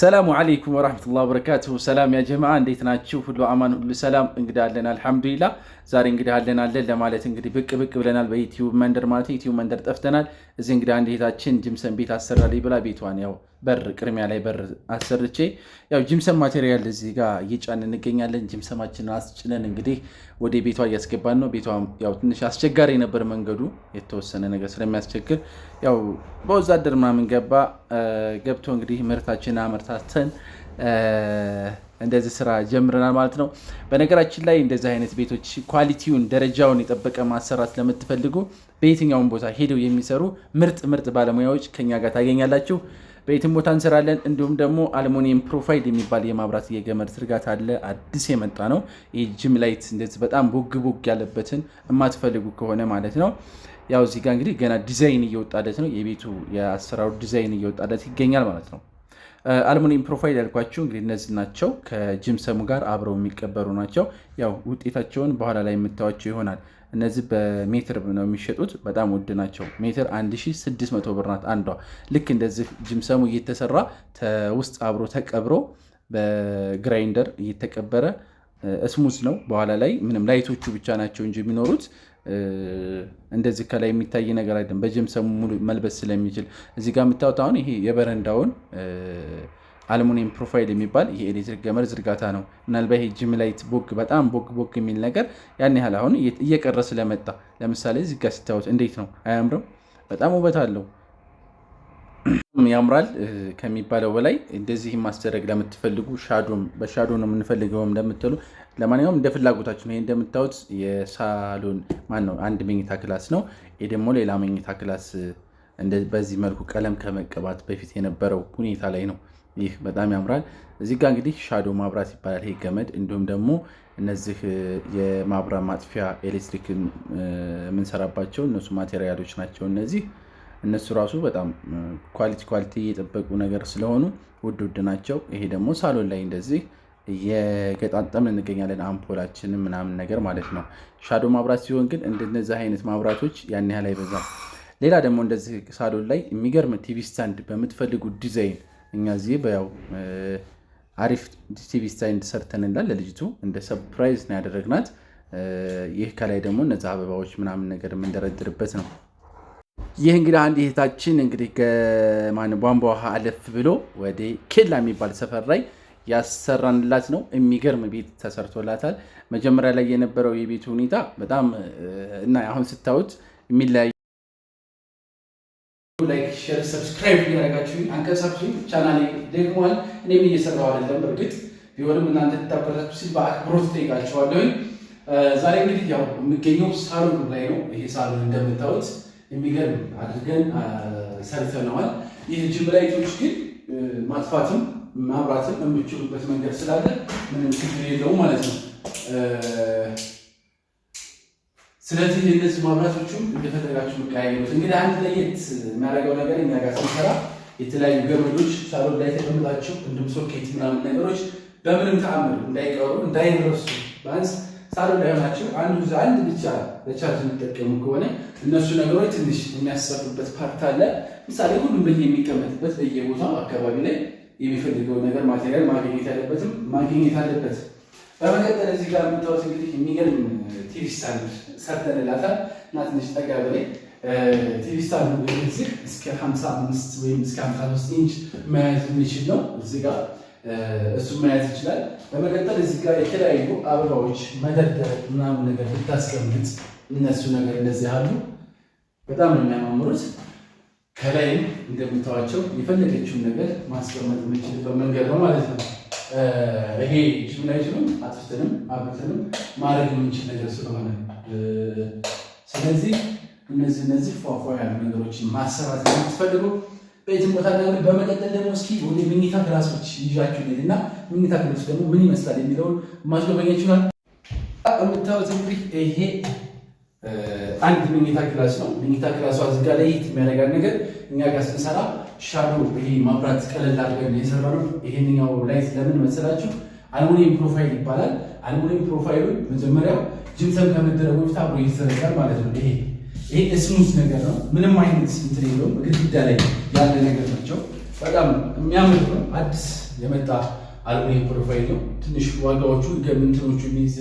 ሰላሙ አለይኩም ወራህመቱላሂ ወበረካቱሁ። ሰላም ያ ጀማዓ እንዴት ናችሁ? ሁሉ አማን፣ ሁሉ ሰላም። እንግዳ አለን አልሐምዱሊላ። ዛሬ እንግዳ አለን አለን ለማለት እንግዲህ ብቅ ብቅ ብለናል በዩቲዩብ መንደር ማለት ዩቲዩብ መንደር ጠፍተናል። እዚህ እንግዲህ አንድ እህታችን ጅምሰን ቤት አሰራልኝ ብላ ቤቷን ያው በር ቅድሚያ ላይ በር አሰርቼ ያው ጂምሰን ማቴሪያል እዚህ ጋር እየጫን እንገኛለን። ጅምሰማችንን አስጭነን እንግዲህ ወደ ቤቷ እያስገባን ነው። ቤቷ ያው ትንሽ አስቸጋሪ ነበር መንገዱ የተወሰነ ነገር ስለሚያስቸግር ያው በወዛደር ምናምን ገባ ገብቶ እንግዲህ ምርታችን አመርታተን እንደዚህ ስራ ጀምረናል ማለት ነው። በነገራችን ላይ እንደዚህ አይነት ቤቶች ኳሊቲውን ደረጃውን የጠበቀ ማሰራት ስለምትፈልጉ በየትኛውም ቦታ ሄደው የሚሰሩ ምርጥ ምርጥ ባለሙያዎች ከኛ ጋር ታገኛላችሁ። በየትም ቦታ እንሰራለን። እንዲሁም ደግሞ አልሙኒየም ፕሮፋይል የሚባል የማብራት የገመድ ዝርጋታ አለ። አዲስ የመጣ ነው። ጅም ላይት እንደዚህ በጣም ቦግ ቦግ ያለበትን የማትፈልጉ ከሆነ ማለት ነው። ያው እዚህ እንግዲህ ገና ዲዛይን እየወጣለት ነው። የቤቱ የአሰራሩ ዲዛይን እየወጣለት ይገኛል ማለት ነው። አልሙኒየም ፕሮፋይል ያልኳቸው እንግዲህ እነዚህ ናቸው። ከጅምሰሙ ጋር አብረው የሚቀበሩ ናቸው። ያው ውጤታቸውን በኋላ ላይ የምታዋቸው ይሆናል። እነዚህ በሜትር ነው የሚሸጡት። በጣም ውድ ናቸው። ሜትር 1600 ብር ናት አንዷ። ልክ እንደዚህ ጅምሰሙ እየተሰራ ውስጥ አብሮ ተቀብሮ በግራይንደር እየተቀበረ እስሙዝ ነው። በኋላ ላይ ምንም ላይቶቹ ብቻ ናቸው እንጂ የሚኖሩት እንደዚህ ከላይ የሚታይ ነገር አይደለም። በጅምሰሙ ሙሉ መልበስ ስለሚችል እዚህ ጋር የምታዩት አሁን ይሄ የበረንዳውን አልሙኒየም ፕሮፋይል የሚባል ይሄ ኤሌክትሪክ ገመድ ዝርጋታ ነው። ምናልባት ይሄ ጅም ላይት ቦግ በጣም ቦግ ቦግ የሚል ነገር ያን ያህል አሁን እየቀረ ስለመጣ ለምሳሌ እዚህ ጋር ስታዩት እንዴት ነው አያምርም? በጣም ውበት አለው ያምራል ከሚባለው በላይ እንደዚህ ማስደረግ ለምትፈልጉ ሻዶም በሻዶ ነው የምንፈልገውም ለምትሉ ለማንኛውም እንደ ፍላጎታችን ይሄ እንደምታዩት የሳሎን ማን ነው አንድ መኝታ ክላስ ነው። ይህ ደግሞ ሌላ መኝታ ክላስ በዚህ መልኩ ቀለም ከመቀባት በፊት የነበረው ሁኔታ ላይ ነው። ይህ በጣም ያምራል። እዚህ ጋር እንግዲህ ሻዶ ማብራት ይባላል ይሄ ገመድ። እንዲሁም ደግሞ እነዚህ የማብራት ማጥፊያ ኤሌክትሪክ የምንሰራባቸው እነሱ ማቴሪያሎች ናቸው። እነዚህ እነሱ ራሱ በጣም ኳሊቲ ኳሊቲ የጠበቁ ነገር ስለሆኑ ውድ ውድ ናቸው። ይሄ ደግሞ ሳሎን ላይ እንደዚህ የገጣጠምን እንገኛለን አምፖላችንን ምናምን ነገር ማለት ነው። ሻዶ ማብራት ሲሆን ግን እንደነዚህ አይነት ማብራቶች ያን ያህል አይበዛም። ሌላ ደግሞ እንደዚህ ሳሎን ላይ የሚገርም ቲቪ ስታንድ በምትፈልጉ ዲዛይን እኛ እዚህ ያው አሪፍ ቲቪ ስታይል ሰርተንላል። ለልጅቱ እንደ ሰርፕራይዝ ነው ያደረግናት። ይህ ከላይ ደግሞ እነዚ አበባዎች ምናምን ነገር የምንደረድርበት ነው። ይህ እንግዲህ አንድ እህታችን እንግዲህ ቧንቧ ውሃ አለፍ ብሎ ወደ ኬላ የሚባል ሰፈር ላይ ያሰራንላት ነው። የሚገርም ቤት ተሰርቶላታል። መጀመሪያ ላይ የነበረው የቤቱ ሁኔታ በጣም እና አሁን ስታዩት የሚለያዩ ላይክ ሼር ሰብስክራይብ እያደረጋችሁ አንቀሳቅሱኝ። ቻናሌ ደግሟል። እኔም እየሰራው አይደለም እርግጥ ቢሆንም እናንተ ተታበራችሁ ሲል በአክብሮት ጠይቃችኋለሁኝ። ዛሬ እንግዲህ ያው የሚገኘው ሳሎን ላይ ነው። ይሄ ሳሎን እንደምታዩት የሚገርም አድርገን ሰርተነዋል። ይህ ጅምላ ላይቶች ግን ማጥፋትም ማብራትም የምችሉበት መንገድ ስላለ ምንም ችግር የለውም ማለት ነው። ስለዚህ እነዚህ መብራቶቹም እንደፈለጋችሁ መቀያየሩት። እንግዲህ አንድ ለየት የሚያደርገው ነገር እኛ ጋር ስንሰራ የተለያዩ ገመዶች ሳሎን ላይ ተቀምጣቸው እንዲሁም ሶኬት ምናምን ነገሮች በምንም ተአምር እንዳይቀሩ እንዳይረሱ ባንስ ሳሎን ላይ ሆናችሁ አንዱ አንድ ብቻ ለቻርጅ የሚጠቀሙ ከሆነ እነሱ ነገሮች ትንሽ የሚያሰሩበት ፓርት አለ። ምሳሌ ሁሉም በየ የሚቀመጥበት በየቦታው አካባቢ ላይ የሚፈልገው ነገር ማቴሪያል ማግኘት ያለበትም ማግኘት አለበት። በመቀጠል እዚህ ጋር የምታወት እንግዲህ የሚገርም ቲቪ ስታንድ ሰርተንላታል እና ትንሽ ጠጋ በላይ ቲቪ ስታንዱ እዚህ እስከ 55 ወይም እስከ 53 ኢንች መያዝ የሚችል ነው። እዚህ ጋር እሱ መያዝ ይችላል። በመቀጠል እዚህ ጋር የተለያዩ አበባዎች መደርደር ምናምን ነገር ብታስቀምጥ እነሱ ነገር እንደዚህ አሉ። በጣም የሚያማምሩት። ከላይም እንደምታዋቸው የፈለገችውን ነገር ማስቀመጥ የምችልበት መንገድ ነው ማለት ነው። ይሄ ጅምላ አይችሉም አጥፍተንም አብልተንም ማድረግ የምንችል ነገር ስለሆነ ስለዚህ እነዚህ እነዚህ ፏፏ ያሉ ነገሮችን ማሰራት የምትፈልጉ በየትም ቦታ ላ በመቀጠል ደግሞ እስኪ ወደ ምኝታ ክላሶች ይዣችሁ ሄድ እና ምኝታ ክላሶች ደግሞ ምን ይመስላል የሚለውን ማስጎበኛችኋል። የምታዩት እንግዲህ ይሄ አንድ ምኝታ ክላስ ነው። ምኝታ ክላሷ ዝጋ ለየት የሚያደርጋት ነገር እኛ ጋር ስንሰራ ሻዶ ይሄ ማብራት ቀለል አድርገን የሰራነው ይሄንኛው ላይት ለምን መሰላችሁ? አልሙኒየም ፕሮፋይል ይባላል። አልሙኒየም ፕሮፋይሉ መጀመሪያው ጅብሰን ከመደረጉ በፊት አብሮ ይዘረጋል ማለት ነው። ይሄ ይሄ እስሙዝ ነገር ነው። ምንም አይነት እንትን የለውም። ግድግዳ ላይ ያለ ነገር ናቸው። በጣም የሚያምር ነው። አዲስ የመጣ አልሙኒየም ፕሮፋይል ነው። ትንሽ ዋጋዎቹ ገምንትኖቹ ሚዝ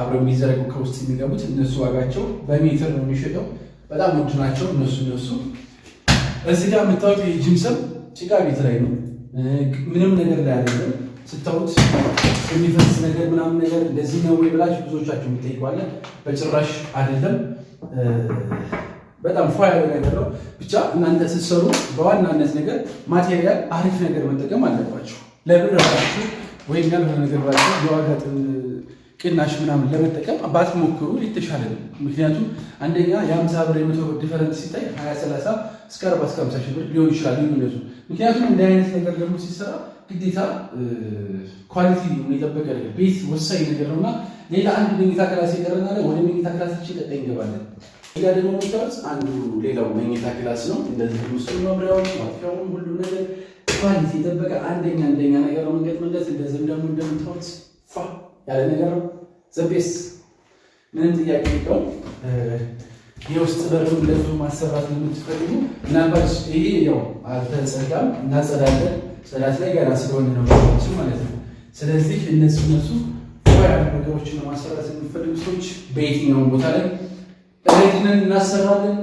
አብረው የሚዘረጉ ከውስጥ የሚገቡት እነሱ ዋጋቸው በሜትር ነው የሚሸጠው። በጣም ውድ ናቸው እነሱ እነሱ እዚህ ጋር የምታወቅ ጅምሰም ጭቃ ቤት ላይ ነው፣ ምንም ነገር ላይ አይደለም። ስታዩት የሚፈስ ነገር ምናምን ነገር እንደዚህ ነው ወይ ብላችሁ ብዙዎቻችሁ የምትጠይቋለ። በጭራሽ አይደለም። በጣም ፏ ያለ ነገር ነው። ብቻ እናንተ ስትሰሩ በዋናነት ነገር ማቴሪያል አሪፍ ነገር መጠቀም አለባችሁ። ለብር ራሳችሁ ወይም ያልሆነ ነገር ራሱ የዋጋ ቅናሽ ምናምን ለመጠቀም ባትሞክሩ የተሻለ ነው። ምክንያቱም አንደኛ የአምሳ ብር የመቶ ብር ዲፈረንስ ሲታይ ሀያ ሰላሳ እስከ አርባ እስከ አምሳ ሺህ ብር ሊሆን ይችላል ልዩነቱ። ምክንያቱም እንደ አይነት ነገር ደግሞ ሲሰራ ግዴታ ኳሊቲ የጠበቀ ነገር ቤት ወሳኝ ነገር ነው እና ሌላ አንድ መኝታ ክላስ የቀረና ወደ መኝታ ክላሳችን ቀጣይ እንገባለን። ሌላ ደግሞ መጫወት አንዱ ሌላው መኝታ ክላስ ነው። እንደዚህ ውስጥ መብሪያዎች ማጥፊያውን ሁሉ ነገር ኳሊቲ የጠበቀ አንደኛ አንደኛ ነገር መንገድ መለስ እንደዚህም ደግሞ እንደምታወት ፋ ያለ ነገር ነው ዘቤስ ምንም ጥያቄ የለውም። የውስጥ በሩ ለብዙ ማሰራት የምትፈልጉ ምናልባት ይሄ ያው አልተጸዳም እናጸዳለን። ጽዳት ላይ ገና ስለሆነ ነው ማለት ነው። ስለዚህ እነዚህ እነሱ ያሉ ነገሮችን ለማሰራት የሚፈልጉ ሰዎች በየትኛውን ቦታ ላይ እሬትነን እናሰራለን።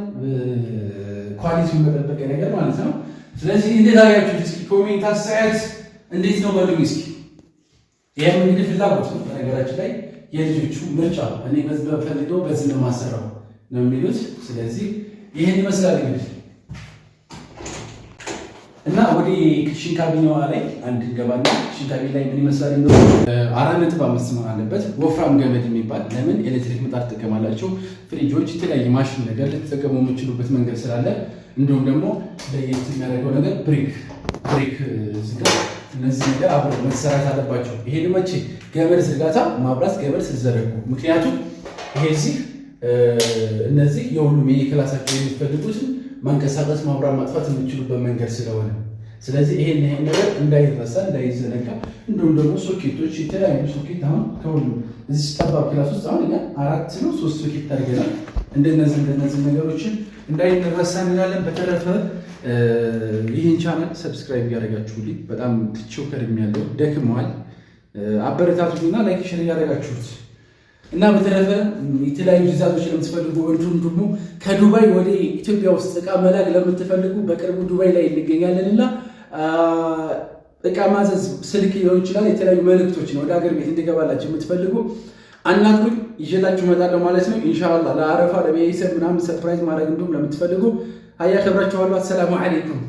ኳሊቲ መጠበቀ ነገር ማለት ነው። ስለዚህ እንዴት አያችሁት? እስኪ ኮሜንት አስተያየት እንዴት ነው በሉኝ እስኪ። ይህም እንግዲህ ፍላጎት ነው በነገራችን ላይ የልጆቹ ምርጫ እኔ በፈልገው በዚህ ነው ማሰራው ነው የሚሉት። ስለዚህ ይህን ይመስላል እንግዲህ እና ወደ ክሽን ካቢኔዋ ላይ አንድ ገባና ክሽን ካቢኔ ላይ ምን ይመስላል ነው አራት ነጥብ አምስት መሆን አለበት። ወፍራም ገመድ የሚባል ለምን ኤሌክትሪክ ምጣድ ትጠቀማላቸው? ፍሪጆች፣ የተለያየ ማሽን ነገር ልትጠቀሙ የምችሉበት መንገድ ስላለ እንዲሁም ደግሞ ለየት የሚያደርገው ነገር ብሪክ ብሪክ ዝጋ እነዚህ ነገር አብሮ መሰራት አለባቸው። ይሄን መቼ ገመድ ዝርጋታ ማብራት ገመድ ስትዘረጉ፣ ምክንያቱም ይሄ እዚህ እነዚህ የሁሉም የየክላሳቸው የሚፈልጉትን ማንቀሳቀስ ማብራት ማጥፋት የሚችሉበት መንገድ ስለሆነ ስለዚህ ይሄን ይሄን ነገር እንዳይረሳ እንዳይዘነጋ፣ እንዲሁም ደግሞ ሶኬቶች የተለያዩ ሶኬት አሁን ከሁሉ እዚህ ጠባብ ክላስ ውስጥ አሁን አራት ነው ሶስት ሶኬት አድርገናል። እንደነዚህ እንደነዚህ ነገሮችን እንዳይረሳ እንላለን። በተረፈ ይህን ቻናል ሰብስክራይብ እያደረጋችሁልኝ በጣም ትቼው ከድሜ ያለው ደክመዋል። አበረታቱና ላይክ ሼር እያደረጋችሁት እና በተረፈ የተለያዩ ዲዛይኖች ለምትፈልጉ ወንድም ደግሞ ከዱባይ ወደ ኢትዮጵያ ውስጥ እቃ መላክ ለምትፈልጉ በቅርቡ ዱባይ ላይ እንገኛለን እና እቃ ማዘዝ ስልክ ሊሆን ይችላል። የተለያዩ ነው ወደ ሀገር ቤት እንዲገባላቸው የምትፈልጉ አናግሩኝ ይዤላችሁ እመጣለሁ ማለት ነው። ኢንሻአላ ለአረፋ ለቤተሰብ ምናምን ሰርፕራይዝ ማድረግ እንዲሁም ለምትፈልጉ አያ ከብራችኋለሁ። አሰላሙ አለይኩም